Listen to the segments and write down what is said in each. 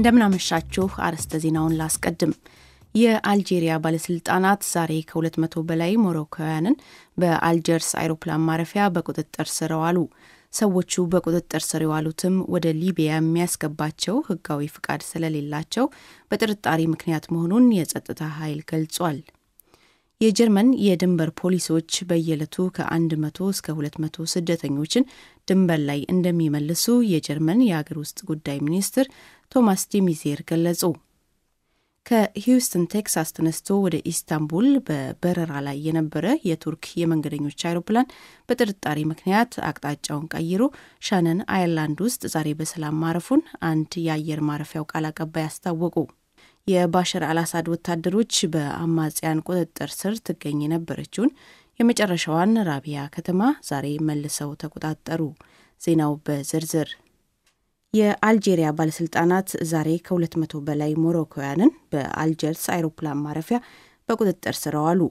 እንደምናመሻችሁ አርዕስተ ዜናውን ላስቀድም። የአልጄሪያ ባለስልጣናት ዛሬ ከ200 በላይ ሞሮካውያንን በአልጀርስ አይሮፕላን ማረፊያ በቁጥጥር ስር ዋሉ። ሰዎቹ በቁጥጥር ስር የዋሉትም ወደ ሊቢያ የሚያስገባቸው ሕጋዊ ፍቃድ ስለሌላቸው በጥርጣሬ ምክንያት መሆኑን የጸጥታ ኃይል ገልጿል። የጀርመን የድንበር ፖሊሶች በየዕለቱ ከ100 እስከ 200 ስደተኞችን ድንበር ላይ እንደሚመልሱ የጀርመን የአገር ውስጥ ጉዳይ ሚኒስትር ቶማስ ዲሚዜር ገለጹ። ከሂውስተን ቴክሳስ ተነስቶ ወደ ኢስታንቡል በበረራ ላይ የነበረ የቱርክ የመንገደኞች አይሮፕላን በጥርጣሬ ምክንያት አቅጣጫውን ቀይሮ ሻነን አየርላንድ ውስጥ ዛሬ በሰላም ማረፉን አንድ የአየር ማረፊያው ቃል አቀባይ አስታወቁ። የባሽር አልአሳድ ወታደሮች በአማጽያን ቁጥጥር ስር ትገኝ የነበረችውን የመጨረሻዋን ራቢያ ከተማ ዛሬ መልሰው ተቆጣጠሩ። ዜናው በዝርዝር የአልጄሪያ ባለስልጣናት ዛሬ ከ200 በላይ ሞሮኮውያንን በአልጀርስ አይሮፕላን ማረፊያ በቁጥጥር ስር አዋሉ።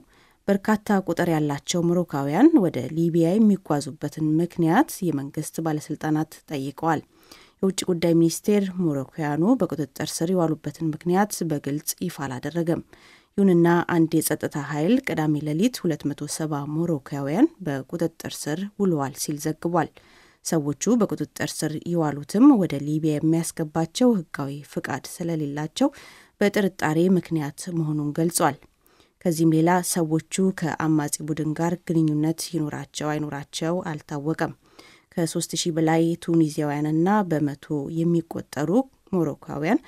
በርካታ ቁጥር ያላቸው ሞሮካውያን ወደ ሊቢያ የሚጓዙበትን ምክንያት የመንግስት ባለስልጣናት ጠይቀዋል። የውጭ ጉዳይ ሚኒስቴር ሞሮኮያኑ በቁጥጥር ስር የዋሉበትን ምክንያት በግልጽ ይፋ አላደረገም። ይሁንና አንድ የጸጥታ ኃይል ቅዳሜ ሌሊት 270 ሞሮኮያውያን በቁጥጥር ስር ውለዋል ሲል ዘግቧል። ሰዎቹ በቁጥጥር ስር የዋሉትም ወደ ሊቢያ የሚያስገባቸው ሕጋዊ ፍቃድ ስለሌላቸው በጥርጣሬ ምክንያት መሆኑን ገልጿል። ከዚህም ሌላ ሰዎቹ ከአማጺ ቡድን ጋር ግንኙነት ይኖራቸው አይኖራቸው አልታወቀም። ከሶስት 3000 በላይ ቱኒዚያውያንና በመቶ የሚቆጠሩ ሞሮካውያን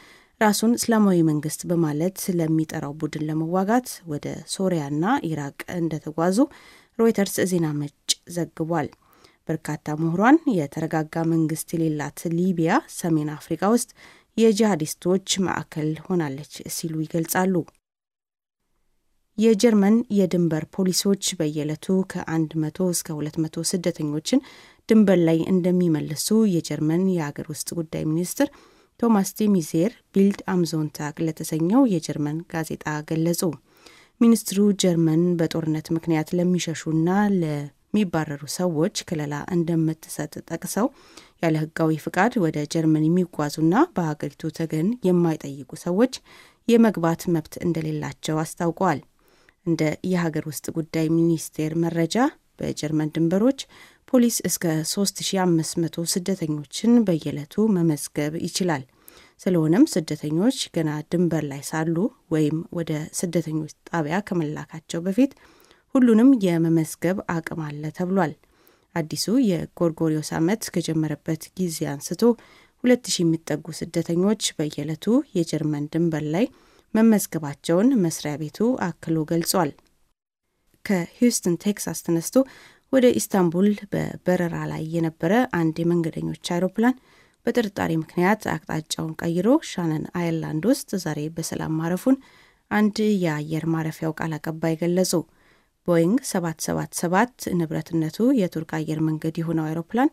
ራሱን እስላማዊ መንግስት በማለት ስለሚጠራው ቡድን ለመዋጋት ወደ ሶሪያና ኢራቅ እንደተጓዙ ሮይተርስ ዜና መጭ ዘግቧል። በርካታ ምሁሯን የተረጋጋ መንግስት የሌላት ሊቢያ ሰሜን አፍሪካ ውስጥ የጂሃዲስቶች ማዕከል ሆናለች ሲሉ ይገልጻሉ። የጀርመን የድንበር ፖሊሶች በየዕለቱ ከ100 እስከ 200 ስደተኞችን ድንበር ላይ እንደሚመልሱ የጀርመን የአገር ውስጥ ጉዳይ ሚኒስትር ቶማስ ዲሚዜር ቢልድ አምዞንታግ ለተሰኘው የጀርመን ጋዜጣ ገለጹ። ሚኒስትሩ ጀርመን በጦርነት ምክንያት ለሚሸሹና ለሚባረሩ ሰዎች ከለላ እንደምትሰጥ ጠቅሰው ያለ ሕጋዊ ፍቃድ ወደ ጀርመን የሚጓዙና በሀገሪቱ ተገን የማይጠይቁ ሰዎች የመግባት መብት እንደሌላቸው አስታውቀዋል። እንደ የሀገር ውስጥ ጉዳይ ሚኒስቴር መረጃ በጀርመን ድንበሮች ፖሊስ እስከ 3500 ስደተኞችን በየዕለቱ መመዝገብ ይችላል። ስለሆነም ስደተኞች ገና ድንበር ላይ ሳሉ ወይም ወደ ስደተኞች ጣቢያ ከመላካቸው በፊት ሁሉንም የመመዝገብ አቅም አለ ተብሏል። አዲሱ የጎርጎሪዮስ ዓመት ከጀመረበት ጊዜ አንስቶ 2000 የሚጠጉ ስደተኞች በየዕለቱ የጀርመን ድንበር ላይ መመዝገባቸውን መስሪያ ቤቱ አክሎ ገልጿል። ከሂውስትን ቴክሳስ ተነስቶ ወደ ኢስታንቡል በበረራ ላይ የነበረ አንድ የመንገደኞች አይሮፕላን በጥርጣሬ ምክንያት አቅጣጫውን ቀይሮ ሻነን አየርላንድ ውስጥ ዛሬ በሰላም ማረፉን አንድ የአየር ማረፊያው ቃል አቀባይ ገለጹ። ቦይንግ 777 ንብረትነቱ የቱርክ አየር መንገድ የሆነው አይሮፕላን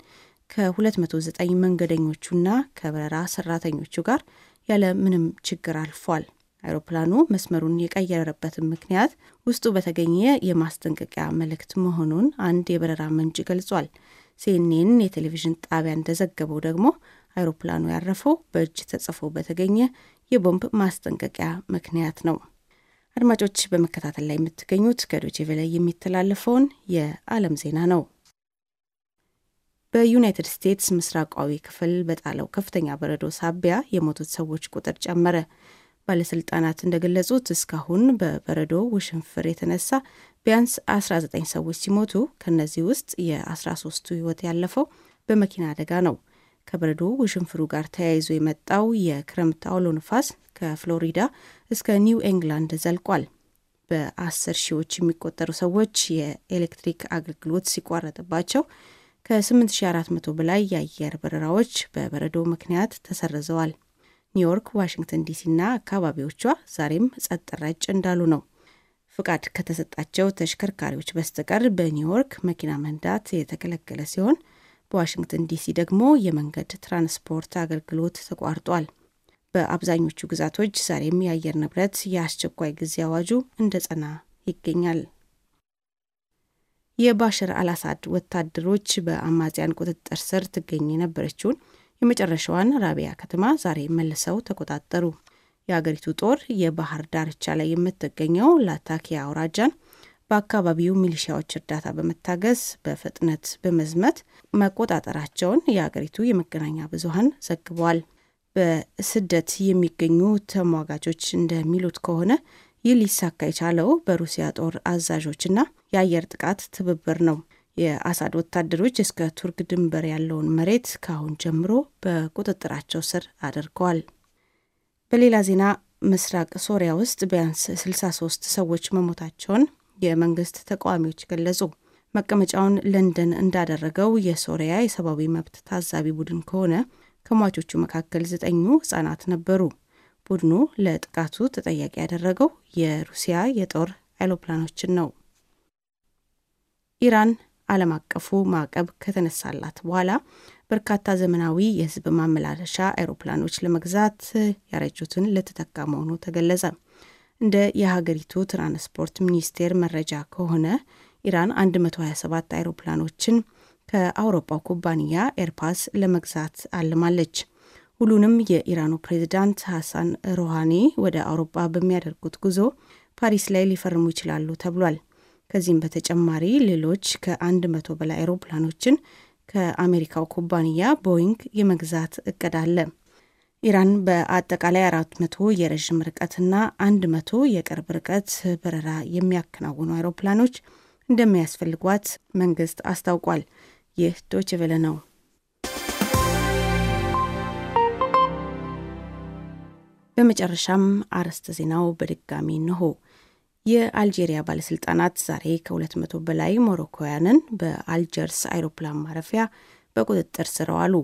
ከ209 መንገደኞቹና ከበረራ ሰራተኞቹ ጋር ያለ ምንም ችግር አልፏል። አውሮፕላኑ መስመሩን የቀየረበትን ምክንያት ውስጡ በተገኘ የማስጠንቀቂያ መልእክት መሆኑን አንድ የበረራ ምንጭ ገልጿል። ሲኤንኤን የቴሌቪዥን ጣቢያ እንደዘገበው ደግሞ አውሮፕላኑ ያረፈው በእጅ ተጽፎ በተገኘ የቦምብ ማስጠንቀቂያ ምክንያት ነው። አድማጮች በመከታተል ላይ የምትገኙት ከዶቼ ቬለ የሚተላለፈውን የዓለም ዜና ነው። በዩናይትድ ስቴትስ ምስራቃዊ ክፍል በጣለው ከፍተኛ በረዶ ሳቢያ የሞቱት ሰዎች ቁጥር ጨመረ። ባለስልጣናት እንደገለጹት እስካሁን በበረዶ ውሽንፍር የተነሳ ቢያንስ 19 ሰዎች ሲሞቱ ከእነዚህ ውስጥ የ13ቱ ያለፈው በመኪና አደጋ ነው። ከበረዶ ውሽንፍሩ ጋር ተያይዞ የመጣው የክረምት አውሎ ንፋስ ከፍሎሪዳ እስከ ኒው ኤንግላንድ ዘልቋል። በአስር ሺዎች የሚቆጠሩ ሰዎች የኤሌክትሪክ አገልግሎት ሲቋረጥባቸው ከ8400 በላይ የአየር በረራዎች በበረዶ ምክንያት ተሰርዘዋል። ኒውዮርክ፣ ዋሽንግተን እና አካባቢዎቿ ዛሬም ጸጥ ረጭ እንዳሉ ነው። ፍቃድ ከተሰጣቸው ተሽከርካሪዎች በስተቀር በኒውዮርክ መኪና መንዳት የተከለከለ ሲሆን በዋሽንግተን ዲሲ ደግሞ የመንገድ ትራንስፖርት አገልግሎት ተቋርጧል። በአብዛኞቹ ግዛቶች ዛሬም የአየር ንብረት የአስቸኳይ ጊዜ አዋጁ እንደ ጸና ይገኛል። የባሽር አልአሳድ ወታደሮች በአማጽያን ቁጥጥር ስር ትገኝ የነበረችውን የመጨረሻዋን ራቢያ ከተማ ዛሬ መልሰው ተቆጣጠሩ። የአገሪቱ ጦር የባህር ዳርቻ ላይ የምትገኘው ላታኪያ አውራጃን በአካባቢው ሚሊሺያዎች እርዳታ በመታገዝ በፍጥነት በመዝመት መቆጣጠራቸውን የአገሪቱ የመገናኛ ብዙሃን ዘግቧል። በስደት የሚገኙ ተሟጋቾች እንደሚሉት ከሆነ ይህ ሊሳካ የቻለው በሩሲያ ጦር አዛዦችና የአየር ጥቃት ትብብር ነው። የአሳድ ወታደሮች እስከ ቱርክ ድንበር ያለውን መሬት ከአሁን ጀምሮ በቁጥጥራቸው ስር አድርገዋል። በሌላ ዜና ምስራቅ ሶሪያ ውስጥ ቢያንስ 63 ሰዎች መሞታቸውን የመንግስት ተቃዋሚዎች ገለጹ። መቀመጫውን ለንደን እንዳደረገው የሶሪያ የሰብአዊ መብት ታዛቢ ቡድን ከሆነ ከሟቾቹ መካከል ዘጠኙ ህጻናት ነበሩ። ቡድኑ ለጥቃቱ ተጠያቂ ያደረገው የሩሲያ የጦር አይሮፕላኖችን ነው። ኢራን ዓለም አቀፉ ማዕቀብ ከተነሳላት በኋላ በርካታ ዘመናዊ የህዝብ ማመላለሻ አይሮፕላኖች ለመግዛት ያረጁትን ልትተካ መሆኑ ተገለጸ። እንደ የሀገሪቱ ትራንስፖርት ሚኒስቴር መረጃ ከሆነ ኢራን 127 አይሮፕላኖችን ከአውሮፓው ኩባንያ ኤርፓስ ለመግዛት አልማለች። ሁሉንም የኢራኑ ፕሬዚዳንት ሐሳን ሮሃኒ ወደ አውሮፓ በሚያደርጉት ጉዞ ፓሪስ ላይ ሊፈርሙ ይችላሉ ተብሏል። ከዚህም በተጨማሪ ሌሎች ከአንድ መቶ በላይ አይሮፕላኖችን ከአሜሪካው ኩባንያ ቦይንግ የመግዛት እቅድ አለ። ኢራን በአጠቃላይ አራት መቶ የረዥም ርቀትና አንድ መቶ የቅርብ ርቀት በረራ የሚያከናውኑ አይሮፕላኖች እንደሚያስፈልጓት መንግስት አስታውቋል። ይህ ዶይቼ ቬለ ነው። በመጨረሻም አርዕስተ ዜናው በድጋሚ እንሆ የአልጄሪያ ባለስልጣናት ዛሬ ከ200 በላይ ሞሮኮውያንን በአልጀርስ አይሮፕላን ማረፊያ በቁጥጥር ስር አዋሉ።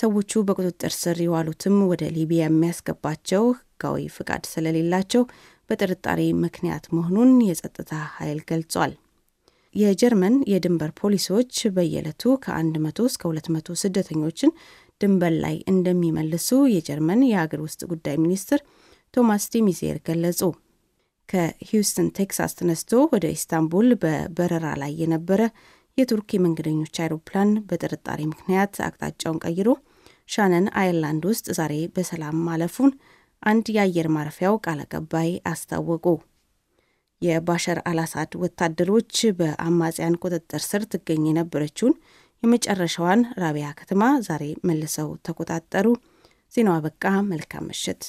ሰዎቹ በቁጥጥር ስር የዋሉትም ወደ ሊቢያ የሚያስገባቸው ሕጋዊ ፍቃድ ስለሌላቸው በጥርጣሬ ምክንያት መሆኑን የጸጥታ ኃይል ገልጿል። የጀርመን የድንበር ፖሊሶች በየዕለቱ ከ100 እስከ 200 ስደተኞችን ድንበር ላይ እንደሚመልሱ የጀርመን የሀገር ውስጥ ጉዳይ ሚኒስትር ቶማስ ዲሚዜር ገለጹ። ከሂውስተን ቴክሳስ ተነስቶ ወደ ኢስታንቡል በበረራ ላይ የነበረ የቱርክ የመንገደኞች አይሮፕላን በጥርጣሬ ምክንያት አቅጣጫውን ቀይሮ ሻነን አየርላንድ ውስጥ ዛሬ በሰላም ማለፉን አንድ የአየር ማረፊያው ቃል አቀባይ አስታወቁ። የባሻር አልአሳድ ወታደሮች በአማጽያን ቁጥጥር ስር ትገኝ የነበረችውን የመጨረሻዋን ራቢያ ከተማ ዛሬ መልሰው ተቆጣጠሩ። ዜናው አበቃ። መልካም ምሽት።